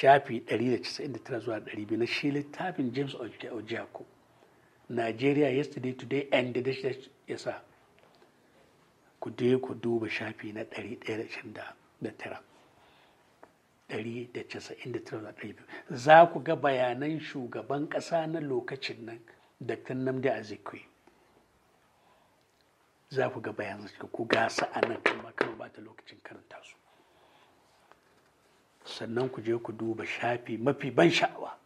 shafi 199 zuwa 200 na shi littafin james ojiako nigeria yesterday today and the dash ya sa ku je ku duba shafi na 129 199 za ku ga bayanan shugaban ƙasa na lokacin nan dr namdi azikwe za ku ga bayanan ku gasa a nan kan ba ta lokacin karanta su sannan ku je ku duba shafi mafi ban sha'awa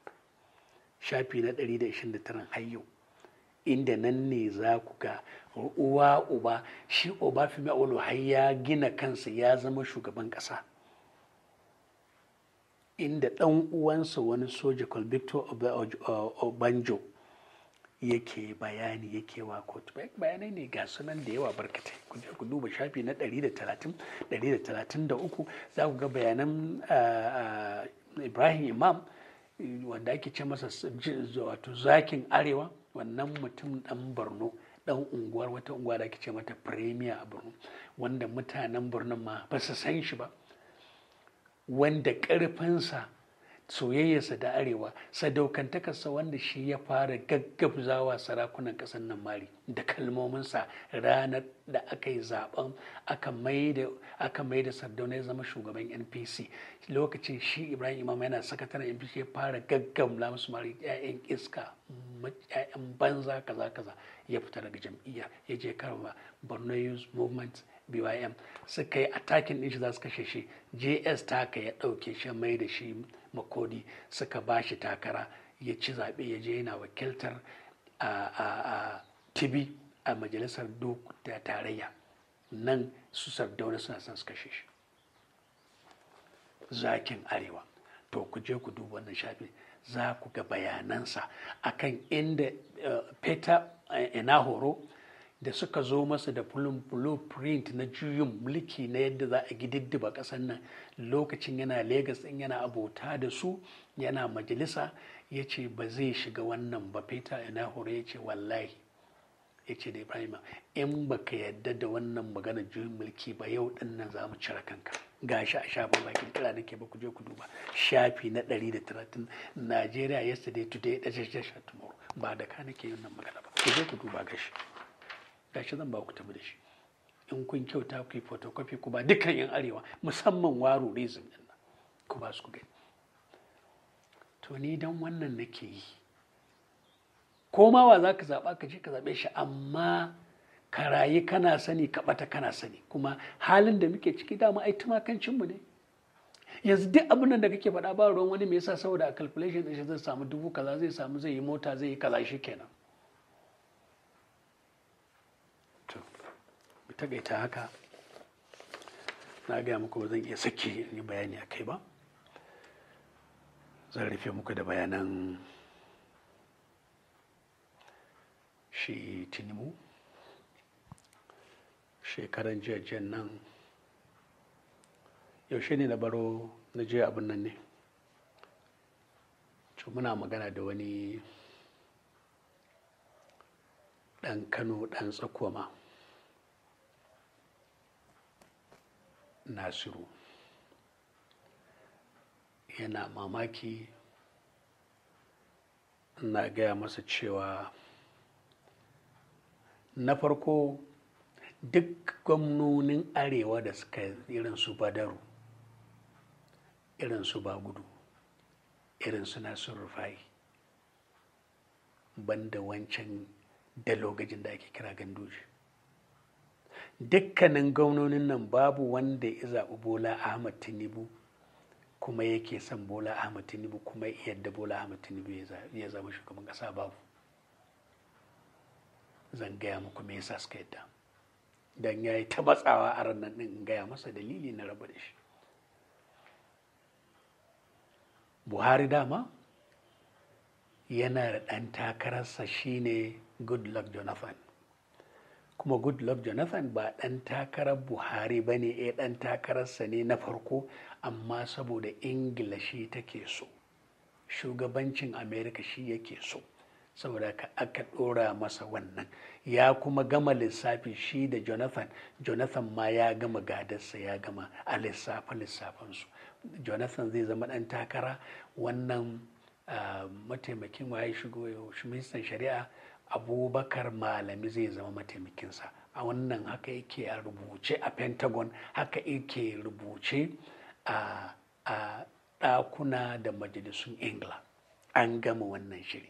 shafi na 129 har yau inda nan ne za ku ga uwa uba shi uba fi ma'ulu har ya gina kansa ya zama shugaban ƙasa inda ɗan uwansa wani soja kwalbito obanjo yake bayani yake wa kotu bayanai ne ga sunan da yawa barkatai ku je ku duba shafi na 130 133 za ku ga bayanan ah, ah, ibrahim imam wanda ake ce masa wato zakin arewa wannan mutum dan borno dan unguwar wata unguwa da ake ce mata premier a borno wanda mutanen borno ma ba su san shi ba wanda ƙarfinsa soyayyarsa da arewa sadaukantakarsa wanda shi ya fara gaggabzawa sarakunan kasar nan mari da kalmominsa ranar da aka yi zaben aka mai da sardauna ya zama shugaban npc lokacin shi ibrahim imam yana sakataren npc ya fara gaggamla musu mari 'ya'yan iska 'ya'yan banza kaza kaza ya fita daga jam'iyya ya je karba borno youth movement bym suka yi atakin din shi za su kashe shi js ta ka ya ɗauke shi mai da shi makodi suka ba shi takara ya ci zaɓe ya je yana wakiltar a tibi a majalisar duk da tarayya nan su sardauna suna son su kashe shi zakin arewa to ku je ku duba wannan shafi za ku ga bayanansa akan inda eh, peter eh, inahoro. da suka zo masa da blueprint na juyin mulki na yadda za a gididdiba ƙasar nan lokacin yana Legas ɗin yana abota da su yana majalisa ya ce ba zai shiga wannan ba feta ina hore ya ce wallahi ya ce da ibrahim in baka yadda da wannan magana juyin mulki ba yau ɗin nan za mu cire kanka shi a shafin ba na nake ba ku je ku duba shafi na 130 Nigeria yesterday today da tomorrow ba da ka nake yin nan magana ba ku je ku duba gashi gashi zan ba ku tafi da shi in kun kyauta ku yi photocopy ku ba dukkan yan arewa musamman waro rezin din nan ku ba su gani to ni dan wannan nake yi ko ma wa za ka zaɓa ka je ka zaɓe shi amma ka rayu kana sani ka ɓata kana sani kuma halin da muke ciki dama ai tumakancinmu ne yanzu duk abin da kake faɗa ba ruwan wani me yasa saboda a calculation ɗin shi zai samu dubu kaza zai samu zai yi mota zai yi kaza shi kenan takaita haka na gaya muku zan iya sake yi bayani a kai ba zan rufe muku da bayanan shi tinimu shekaran jiya nan yaushe ne na baro na je abin nan ne muna magana da wani ɗan kano ɗan tsakuwa nasiru yana mamaki na gaya masa cewa na farko duk gwamnonin arewa da suka irin su badaru irin su bagudu irin su nasu rufai banda wancan dalogajin da ake kira gandushi dukkanin gwamnonin nan babu wanda ya zaɓi bola ahmad tinubu kuma yake son bola ahmad tinubu kuma yadda bola ahmad tinubu ya zama shugaban ƙasa babu zan gaya muku me yasa suka yadda don ya yi ta matsawa a ranar ɗin in gaya masa dalili na raba da shi buhari dama yana da ɗan takararsa shine goodluck jonathan kuma goodluck jonathan ba ɗan takarar buhari ba ne eh ɗan takararsa ne na farko amma saboda ingila shi take so shugabancin america shi yake so saboda ka aka ɗora masa wannan ya kuma gama lissafi shi da jonathan jonathan ma ya gama gadarsa ya gama a lissafin lissafansu jonathan zai zama ɗan takara wannan ah, mataimakin waye shigo eh, ministan shari'a abubakar malami zai zama mataimakinsa a wannan haka yake a rubuce a pentagon haka yake rubuce a ɗakuna da majalisun ingila an gama wannan shiri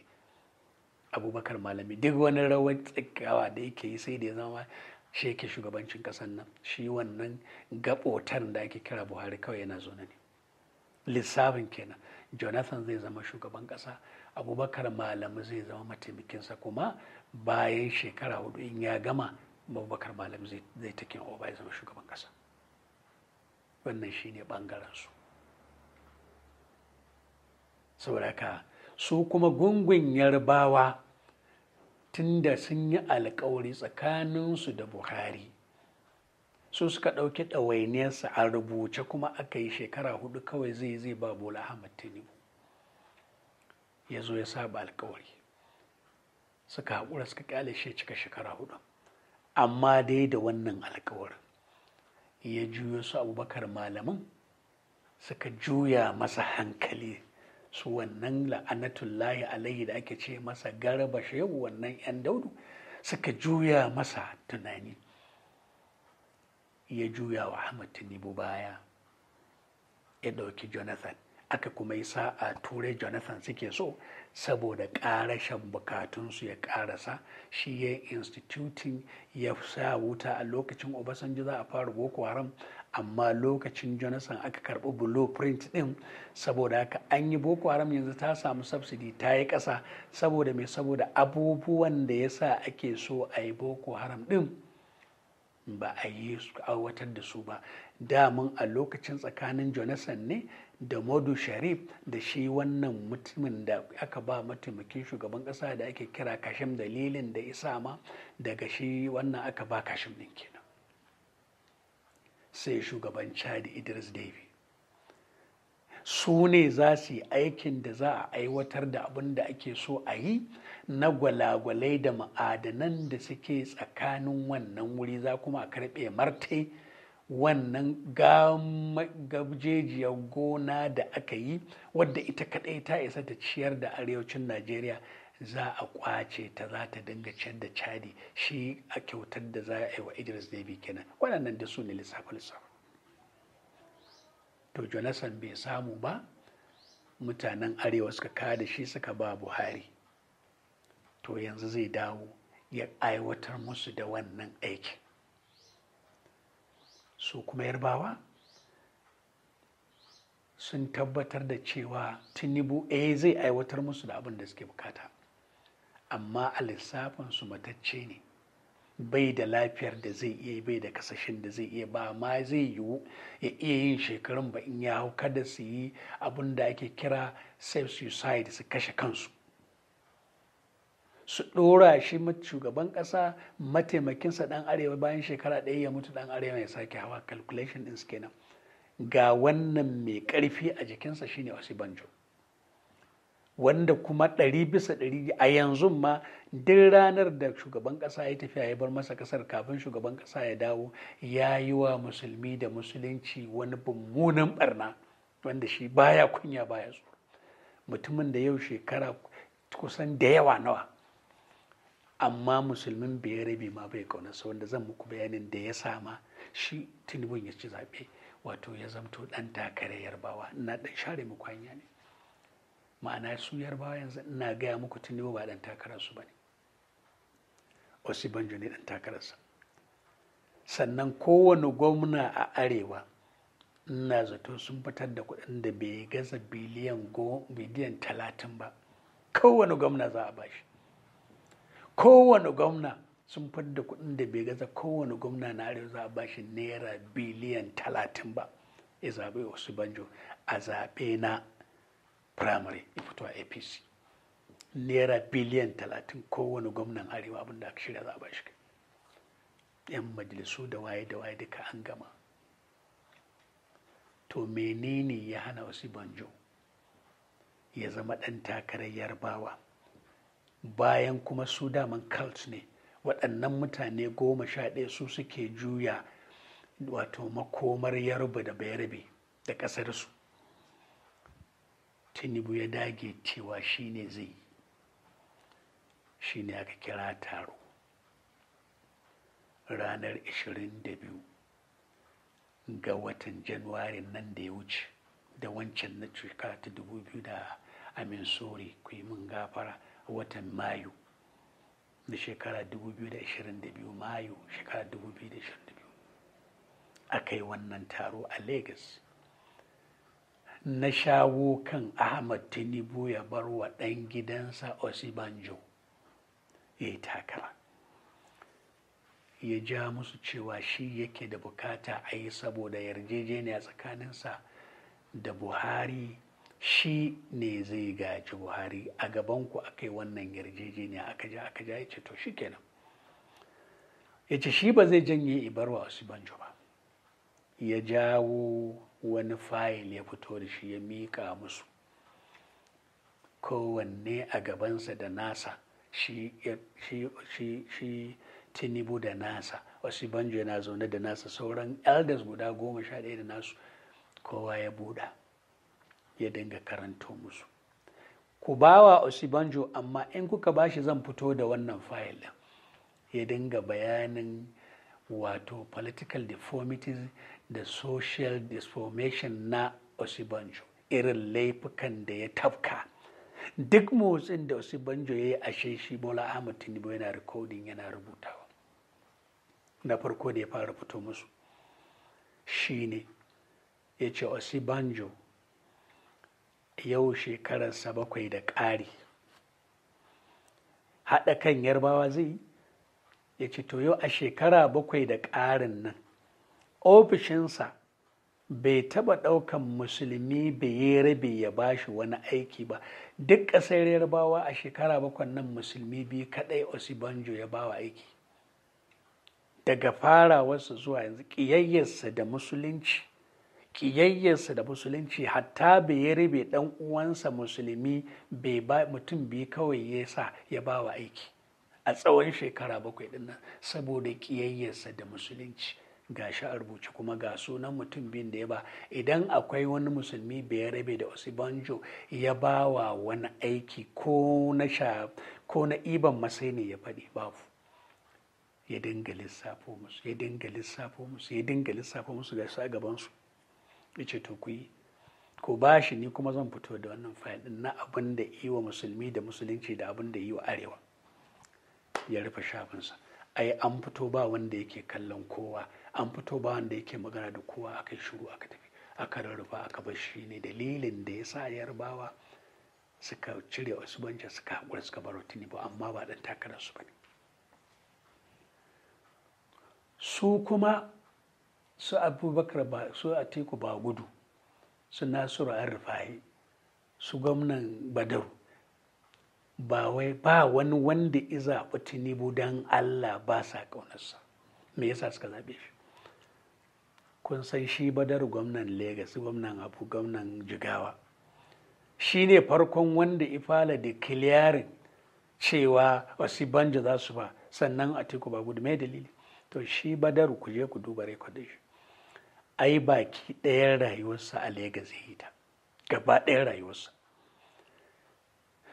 abubakar malami duk wani rawar tsakawa da yake yi sai da ya zama shi yake shugabancin ƙasar nan shi wannan gaɓotar da ake kira buhari kawai yana zo ne lissafin kenan jonathan zai zama shugaban ƙasa abubakar malamu zai zama mataimakinsa kuma bayan shekara hudu in ya gama abubakar malamu zai take oba ya zama shugaban kasa wannan shine bangaren su saboda su kuma gungun yarbawa da sun yi alkawari tsakaninsu da buhari su suka ɗauki ɗawainiyarsa a rubuce kuma aka yi shekara hudu kawai zai zai ba bola ahmad tinubu ya zo ya saba alkawari suka haƙura suka ƙyale shi cika shekara hudu amma dai da wannan alkawarin ya juyo su abubakar malamin suka juya masa hankali su wannan la'anatun la'anatullahi alayhi da ake ce masa garba shehu wannan 'yan daudu suka juya masa tunani ya juya wa ahmad tinubu baya ya ɗauki jonathan aka kuma yi sa'a turai jonathan suke so saboda karashin bukatunsu ya karasa shi ya institutin ya sa wuta a lokacin obasanjo za a fara boko haram amma lokacin jonathan aka karbi blueprint din saboda haka an yi boko haram yanzu ta samu subsidy ta yi ƙasa saboda mai saboda abubuwan da ya sa ake so a yi boko haram din ba a yi aiwatar da su ba damun a lokacin tsakanin jonathan ne da modu sharif da shi wannan mutumin da aka ba mataimakin shugaban ƙasa da ake kira kashim dalilin da isa ma daga shi wannan aka ba kashim ɗin kenan sai shugaban chadi idris davy su ne za su yi aikin da za a aiwatar da abin da ake so a yi na gwalagwalai da ma'adanan da suke tsakanin wannan wuri za kuma a karɓe martai wannan gabjejiyar gona da aka yi wadda ita kaɗai ta isa ta ciyar da arewacin najeriya za a kwace ta za ta dinga ciyar da cadi shi a kyautar da za a yi wa idris bi kenan waɗannan da su ne lissafa lissafa to jonathan bai samu ba mutanen arewa suka kada shi suka ba buhari to yanzu zai dawo ya aiwatar musu da wannan aikin su kuma yarbawa sun tabbatar da cewa tinubu eh zai aiwatar musu da abin da suke bukata amma a lissafinsu matacce ne bai da lafiyar da zai iya bai da kasashen da zai iya ba ma zai yiwu ya iya yin shekarun ba in ya hau kada su yi abin da ake kira self suicide su kashe kansu su ɗora shi shugaban ƙasa mataimakinsa ɗan arewa bayan shekara ɗaya ya mutu ɗan arewa ya sake hawa calculation ɗin kenan ga wannan mai ƙarfi a jikinsa shine banjo wanda kuma ɗari bisa ɗari a yanzu ma duk ranar da shugaban ƙasa ya tafiya ya bar masa ƙasar kafin shugaban ƙasa ya dawo ya yi wa musulmi da musulunci wani mummunan barna wanda shi baya kunya baya tsoro mutumin da yau shekara kusan da yawa nawa amma musulmin bayarabe ma bai sa wanda zan muku bayanin da ya sama shi tinubun ya ci zaɓe wato ya zamto ɗan takare yarbawa na ɗan share muku hanya ne ma'ana su yarbawa yanzu ina gaya muku tinubu ba ɗan takararsu ba ne banjo ne ɗan takararsa sannan kowane gwamna a arewa ina zato sun fitar da kuɗin da bai gaza biliyan talatin ba kowane gwamna za a bashi kowane gwamna sun fadda kuɗin da bai gaza kowane gwamna na arewa za a bashi naira biliyan talatin ba ya zaɓe wasu banjo a zaɓe na primary ya fito a apc naira biliyan talatin kowane gwamnan arewa abinda aka shirya za a bashi yan majalisu da waye da waye duka an gama to menene ya hana wasu banjo ya zama ɗan takarar yarbawa bayan kuma su daman cult ne waɗannan mutane goma sha ɗaya su suke juya wato makomar yarba da bayarbe da ƙasarsu tinubu ya dage cewa shi ne zai shi ne aka kira taro ranar 22 ga watan januwarin nan da ya wuce da wancan na cika ta 2000 a Amin sori ku yi min gafara watan mayu na shekara 2022 mayu shekara 2022 aka yi wannan taro a Legas, na shawo kan ahmad tinubu ya bar wa ɗan gidansa osibanjo ya yi takara ya ja musu cewa shi yake da bukata a yi saboda yarjejeniya tsakaninsa da buhari shi ne zai gaji buhari a gabanku aka yi wannan yarjejeniya aka ja aka ja ya ce to shi kenan ya ce shi ba zai janye ibarwa banjo ba ya jawo wani fayil ya fito da shi ya miƙa musu kowanne a gabansa da nasa shi tinubu da nasa wasu banjo yana zaune da nasa sauran elders guda goma sha ɗaya da nasu kowa ya buɗa ya dinga karanto musu ku bawa osibanjo amma in kuka bashi zan fito da wannan fayil ya dinga bayanin wato political deformities da social deformation na osibanjo irin laifukan da ya tafka duk motsin da osibanjo ya yi ashe shi bola ahmad tinubu yana rikodin yana rubutawa na farko da ya fara fito musu shine ya ce osibanjo yau shekararsa bakwai da ƙari haɗa kan yarbawa zai ya ce to yau a shekara bakwai da ƙarin nan ofishinsa bai taɓa ɗaukan musulmi bai rabe ya ba shi wani aiki ba duk ƙasar yarbawa a shekara bakwai nan musulmi biyu kaɗai osibanjo ya ba wa aiki daga farawarsa zuwa yanzu ƙiyayyarsa da musulunci kiyayyarsa da musulunci hatta bai rabe dan uwansa musulmi bai ba mutum biyu kawai ya sa ya ba wa aiki a tsawon shekara bakwai dinnan saboda kiyayyarsa da musulunci ga shi a rubuce kuma ga sunan mutum biyun da ya ba idan akwai wani musulmi bai rabe da banjo ya ba wa wani aiki ko na iban masai ne ya faɗi babu ya dinga lissafo musu ya dinga lissafo musu ya dinga lissafo musu ga shi a gabansu ya ce to ku yi ko ba shi ni kuma zan fito da wannan fayil din na abin da yi wa musulmi da musulunci da abin da yi wa arewa ya rufe shafinsa ai an fito ba wanda yake kallon kowa an fito ba wanda yake magana da kowa aka shuru aka tafi aka rarrufa aka bar shi ne dalilin da ya sa yarbawa suka cire wasu banci suka haƙura suka baro ba amma ba ɗan takararsu ba ne su kuma su abubakar ba su atiku ba gudu su nasiru an Al-Rufa'i su gwamnan badau ba wai ba wani wanda iza tinubu don allah ba sa kaunarsa me yasa suka zaɓe shi kun san shi badar gwamnan Legas, gwamnan abu gwamnan jigawa shi ne farkon wanda ifala da kiliyarin cewa wasu banja za su ba sannan a teku ba gudu mai dalili to shi badaru ku je ku duba rekodin shi ai baki ɗayan rayuwarsa a Legas ya yi gaba ɗayan rayuwarsa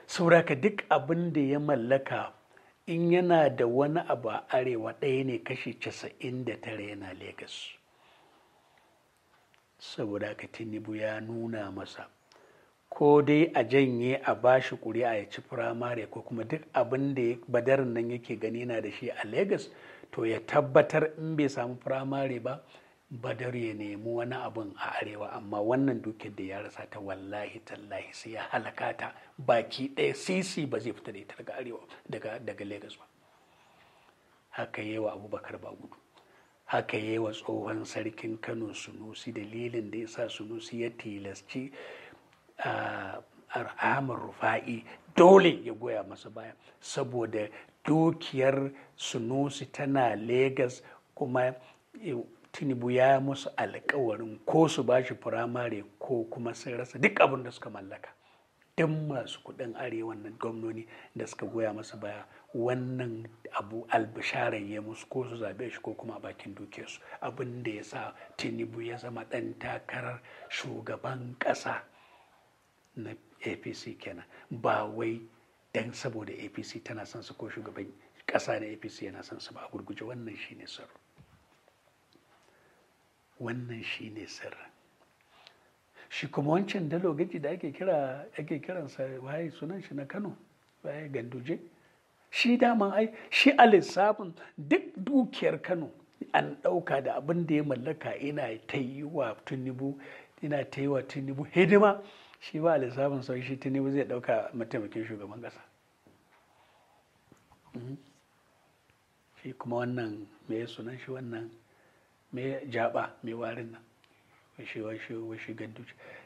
sauraka duk abin da ya mallaka in yana da wani abu a arewa ɗaya ne kashi casa'in da tara yana Legas saboda ka tinubu ya nuna masa ko dai a janye a bashi kuri'a ya ci firamare ko kuma duk abin da badarin nan yake gani na da shi a Legas to ya tabbatar in bai samu firamare ba badar ya nemi wani abin a arewa amma wannan dukiyar da ya rasa ta wallahi tallahi sai ya halaka ta baki ɗaya sisi ba zai fita da ita daga arewa daga daga lagos ba haka yi wa abubakar ba gudu haka yi wa tsohon sarkin kano sunusi dalilin da ya sa sunusi ya tilasci arhamar rufa'i dole ya goya masa baya saboda dukiyar sunusi tana lagos kuma eh, tinubu ya musu alkawarin ko su ba shi firamare ko kuma sun rasa duk abin da suka mallaka don masu kudin arewa na gwamnoni da suka goya masa baya wannan abu albisharan ya musu ko su zabe shi ko kuma bakin dukiyarsu abin da ya sa tinubu ya zama ɗan takarar shugaban ƙasa na apc kenan ba wai dan saboda apc tana son su ko shugaban ƙasa na apc yana son su ba a gurguje wannan shine sarrafa wannan shi ne sirrin shi kuma wancan dalo gaji da ake kira ake kiransa waye sunan shi na kano waye ganduje shi daman ai shi a lissafin duk dukiyar kano an ɗauka da abin da ya mallaka ina ta yi wa tunibu ina ta yi wa tunibu hidima shi ba a lissafin sauki shi tunibu zai ɗauka mataimakin shugaban ƙasa mhm. shi kuma wannan mai sunan shi wannan mai jaba mai warin nan shi washe shi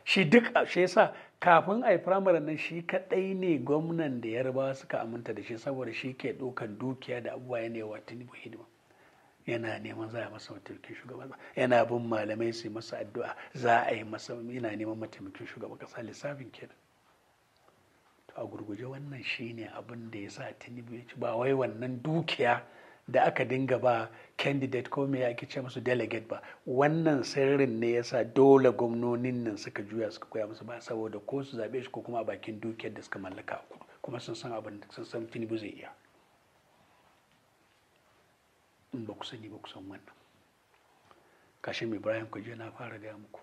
shi duk shi yasa kafin a yi firamare nan shi kadai ne gwamnan da yarbawa suka aminta da shi saboda shi ke ɗaukan dukiya da abubuwa ne yawa tinubu hidima yana neman za a masa mataimakin shugaban yana bin malamai su masa addu'a za a yi masa yana neman mataimakin shugaban kasa lissafin kenan to a gurguje wannan shine abin da ya sa tinubu ya ci ba wai wannan dukiya da aka dinga ba candidate ko me ake ce musu delegate ba wannan sirrin ne yasa dole gwamnonin nan suka juya suka koya musu ba saboda ko su zaɓe shi ko kuma a bakin dukiyar da suka mallaka kuma sun san abin da sun san tinubu zai iya in ba ku sani ba ku wannan kashin ibrahim ku je na fara gaya muku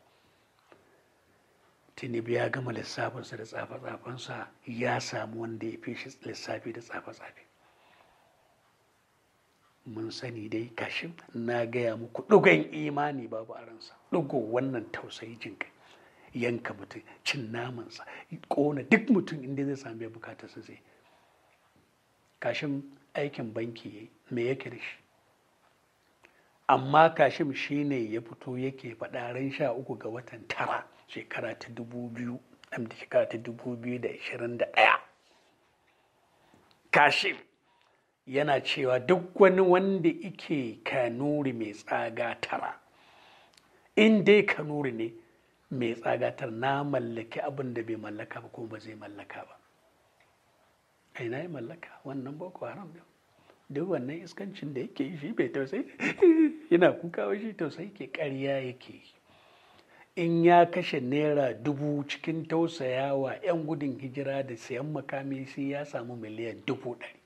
tinubu ya gama lissafinsa da tsafe-tsafensa ya samu wanda ya fi shi lissafi da tsafe-tsafe mun sani dai kashin na gaya muku ɗugan imani babu a ransa ɗugo wannan tausayi jin kai yanka mutum cin namansa ƙona duk mutum inda zai sami ya bukata su zai kashin aikin banki yayi me yake da shi amma kashim ne ya fito yake faɗa ran sha uku ga watan tara shekara ta dubu biyu shekara ta dubu biyu da ashirin da ɗaya kashim yana cewa duk wani wanda ike kanuri mai tsagatara, in dai kanuri ne mai tsagatar na mallaki abin da bai mallaka ba ko ba zai mallaka ba aina ya mallaka wannan boko haram ne duk wannan iskancin da yake yi shi bai tausayi yana kuka wa shi tausayi ke ƙarya yake yi in ya kashe naira dubu cikin tausayawa 'yan gudun hijira da sayan makami sai ya samu miliyan dubu ɗari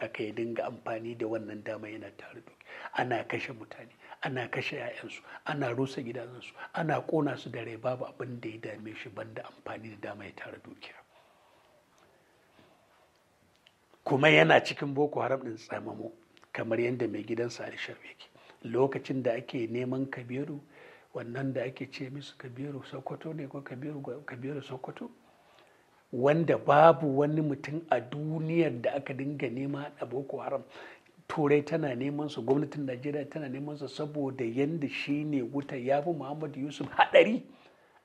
aka yi dinga amfani da wannan dama yana tare da ana kashe mutane ana kashe 'ya'yansu ana rusa gidansu ana kona su da rai babu abin da ya dame shi banda amfani da dama ya tare dukiya kuma yana cikin boko haram din tsamamo kamar yadda mai gidansa a yake lokacin da ake neman kabiru wannan da ake ce musu kabiru sokoto ne ko kabiru sokoto wanda babu wani mutum a duniyar da aka dinga nema a boko haram turai tana neman su gwamnatin najeriya tana neman su saboda yadda shi ne wuta ya fi muhammadu yusuf haɗari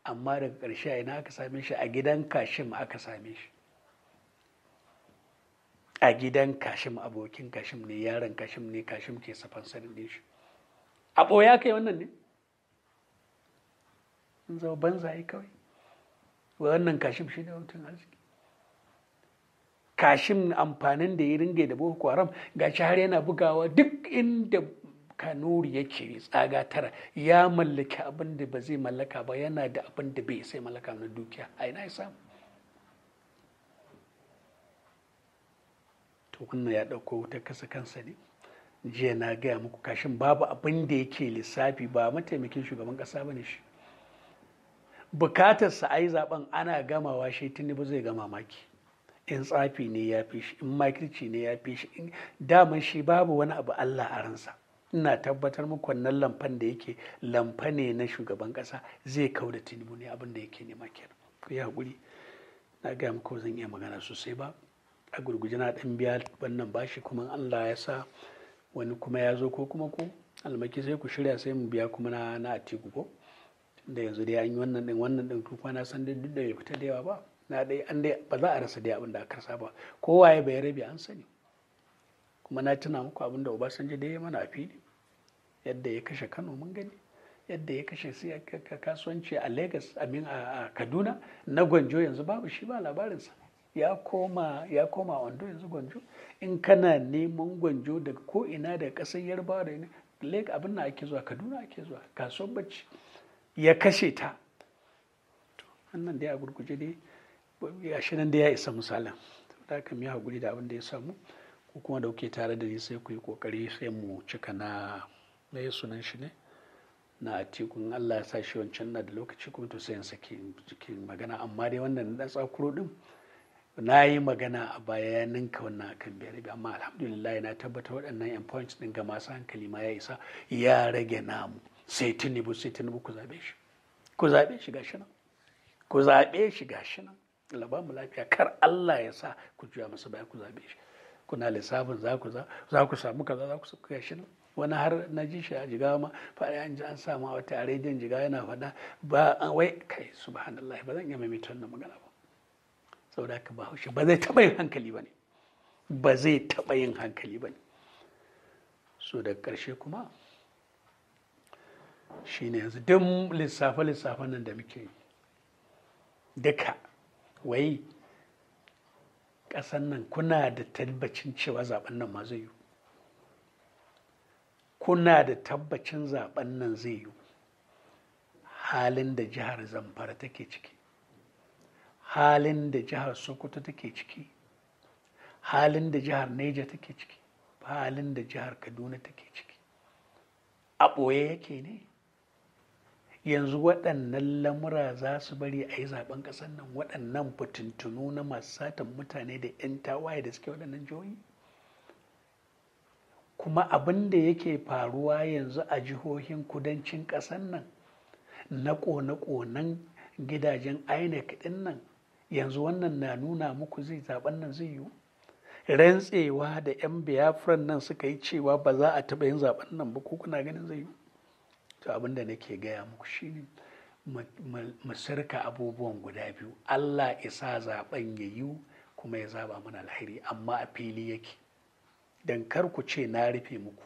amma daga ƙarshe a ina aka same shi a gidan kashim aka same shi a gidan kashim abokin kashim ne yaron kashim ne kashim ke safan sanin shi a ɓoya kai wannan ne in zama kawai wannan kashim shi ne mutum arziki kashim amfanin da ya ringa da boko haram gashi har yana bugawa duk inda kanuri yake tsaga tara ya mallaki abin da ba zai mallaka ba yana da abin da bai sai mallaka na dukiya a ina ya samu to ya ɗauko wuta kasa kansa ne jiya na gaya muku kashin babu abin da yake lissafi ba mataimakin shugaban ƙasa ba ne shi bukatar sa ayi zaben ana gamawa shi tinubu zai gama maki. in tsafi ne ya fi shi in makirci ne ya fi shi daman shi babu wani abu allah a ransa ina tabbatar muku wannan lamfan da yake lamfa ne na shugaban kasa zai kau da tinubu ne abin da yake nema kenan ku yi hakuri na gaya muku zan iya magana sosai ba a gurguje na ɗan biya wannan bashi kuma allah ya sa wani kuma ya zo ko kuma ku almaki sai ku shirya sai mu biya kuma na atiku ko da yanzu dai an yi wannan din wannan din kuma na san duk da bai fita da yawa ba na dai an dai ba za a rasa dai abin da aka rasa ba kowa ya bai rabi an sani kuma na tuna muku abin da Obasanjo dai ya mana a fili yadda ya kashe Kano mun gani yadda ya kashe sai kasuwanci a Lagos a Kaduna na Gwanjo yanzu babu shi ba labarinsa ya koma ya koma Ondo yanzu Gwanjo in kana neman Gwanjo daga ko ina da kasar Yarbawa da Lagos abin da ake zuwa Kaduna ake zuwa kasuwar bacci ya kashe ta wannan dai a gurguje dai shi nan da ya isa misalin da haka mu haguri da abin da ya samu ko kuma da kuke tare da ni sai ku yi ƙoƙari sai mu cika na mai sunan shi ne na atikun Allah ya sa shi wancan na da lokaci kuma to sai in saki jikin magana amma dai wannan na tsakuro din na yi magana a baya ya ninka wannan akan biyar amma alhamdulillah na tabbata waɗannan yan points din ga masu hankali ma ya isa ya rage namu sai tinubu sai tinubu ku zaɓe shi ku zaɓe shi gashi nan ku zaɓe shi gashi nan labamu lafiya kar Allah ya sa ku juya masa baya ku zaɓe shi kuna lissafin za ku za ku samu kaza za ku samu gashi nan wani har na ji shi a jiga ma faɗa an ji an samu a wata rediyon jiga yana faɗa ba wai kai subhanallah ba zan iya mai wannan magana ba saboda haka ba haushi ba zai taɓa yin hankali ba ne ba zai taɓa yin hankali ba ne so daga ƙarshe kuma shine yanzu duk lissafe-lissafen nan da muke yi duka wai ƙasan nan kuna da tabbacin cewa zaɓen nan ma zai yi kuna da tabbacin zaɓen nan zai yi halin da jihar zamfara take ciki halin da jihar sokoto take ciki halin da jihar neja take ciki halin da jihar kaduna take ciki a ɓoye yake ne yanzu waɗannan lamura za su bari a yi zaben ƙasar nan waɗannan fitintunu na masu satan mutane da 'yan tawaye da suke waɗannan jihohi kuma abin da yake faruwa yanzu a jihohin kudancin ƙasar nan na ƙone-ƙonen gidajen inec ɗin nan yanzu wannan na nuna muku zai zaben nan zai yiwu rantsewa da 'yan biafran nan suka yi cewa ba za a taɓa yin zaɓen nan ba ko kuna ganin zai yiwu to abin da nake gaya muku shine mu sirka abubuwan guda biyu Allah isa zaben ya yi kuma ya zaba mana alheri amma a fili yake dan kar ku ce na rufe muku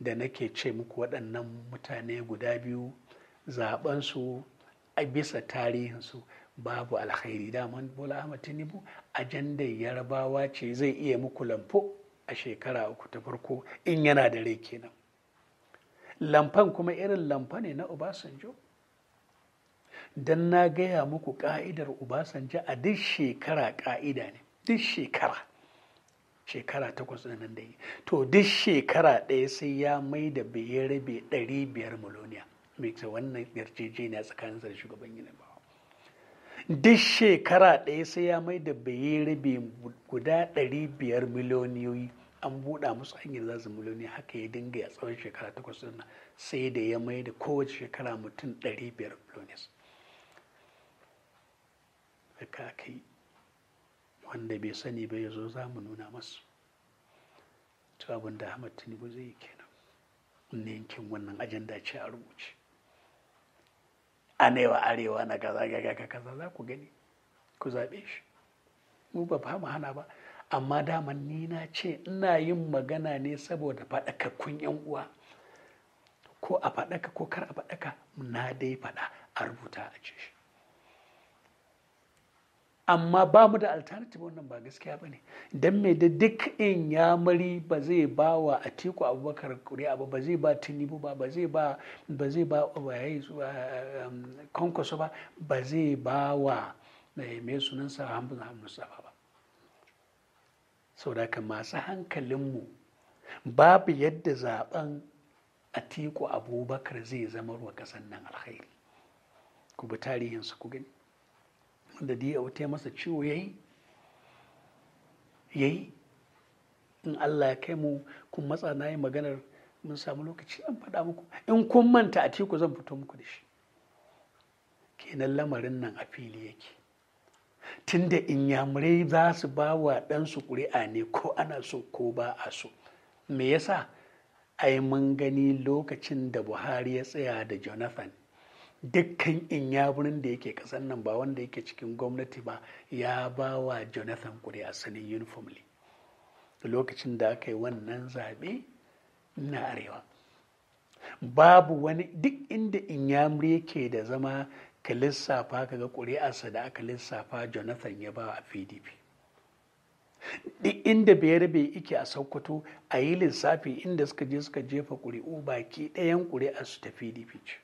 da nake ce muku waɗannan mutane guda biyu zaɓensu a bisa tarihinsu babu alkhairi daman bola ahmad tinubu ajandar yarabawa ce zai iya muku lamfo a shekara uku ta farko in yana da rai kenan lamfan kuma irin lamfa ne na Ubasanjo? don na gaya muku ka'idar obasanjo a duk shekara ka'ida ne duk shekara shekara takwas da nan da yi to duk shekara ɗaya sai ya mai da bai rabe ɗari biyar miloniya mai wannan yarjejeniya tsakanin zai shugaban yi ba duk shekara ɗaya sai ya mai da bai rabe guda ɗari biyar miliyoniyoyi an buɗa musu hanyar za su miliyoni haka ya dinga ya tsawon shekara takwas ɗin sai da ya mai da kowace shekara mutum ɗari biyar milonis haka kai wanda bai sani ba ya zo za mu nuna masu to abin da ahmad zai yi kenan ne yankin wannan ajanda ce a rubuce anewa arewa na kaza kaza kaza za ku gani ku zaɓe shi mu ba mu hana ba amma daman ni na ce ina yin magana ne saboda faɗakakkun yan uwa ko a faɗaka ko kar a faɗaka na dai faɗa a rubuta a ce shi amma ba mu da alternative wannan ba gaskiya ba ne don mai da duk in mari ba zai ba wa atiku abubakar kuri'a ba ba zai ba tinubu ba ba zai ba ba zai ba eh, eh, kankwaso ba ba zai ba wa eh, mai sunansa hamdu hamdu ba ka masu hankalinmu babu yadda zaben atiku abubakar zai zama ruwa kasan nan alkhairi ku bi tarihinsu ku gani wanda a wuce masa ciwo yayi yayi in allah ya kai mu kun matsa na yi maganar mun samu lokaci an faɗa muku in kun manta atiku zan fito muku da shi kenan lamarin nan a fili yake tunda inyamurai za su ba wa ɗansu ƙuri'a ne ko ana so ko ba a so me yasa ai mun gani lokacin da buhari ya tsaya da jonathan dukkan inyamurin da yake ƙasar nan ba wanda yake cikin gwamnati ba ya ba wa jonathan ƙuri'a sanin uniformly lokacin da aka yi wannan zaɓe na arewa babu wani duk inda inyamuri yake da zama Aka lissafa ka ga ƙuri'arsa da aka lissafa jonathan ya ba a pdp duk inda bai ike a sokoto a yi lissafi inda suka je suka jefa ƙuri'u baki ɗayan ƙuri'arsu ta pdp ce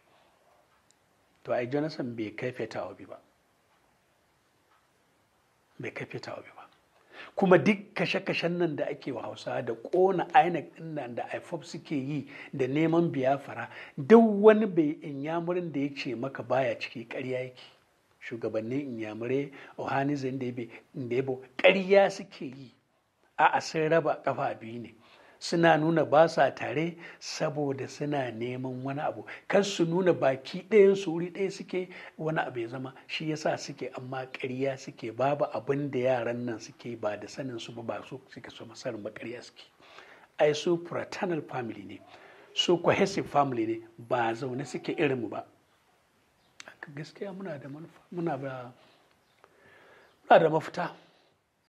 to ai jonathan bai kai feta ba bai kai ba kuma duk kashe-kashen nan da ake wa hausa da ƙona inec nan da ifop suke yi da neman biyafara duk wani bai inyamurin da ya ce maka baya ciki ƙarya yake shugabannin inyamurai ohanizin da ya ƙarya suke yi a sun raba ƙafa biyu ne suna nuna ba sa tare saboda suna neman wani abu kar su nuna baki ɗayan su wuri ɗaya suke wani abu ya zama shi yasa suke amma ƙarya suke babu abin da yaran nan suke ba da sanin su ba su suke so masarin ba ƙarya suke ai su fraternal family ne su cohesive family ne ba zaune suke irin mu ba gaskiya muna da manufa muna da mafita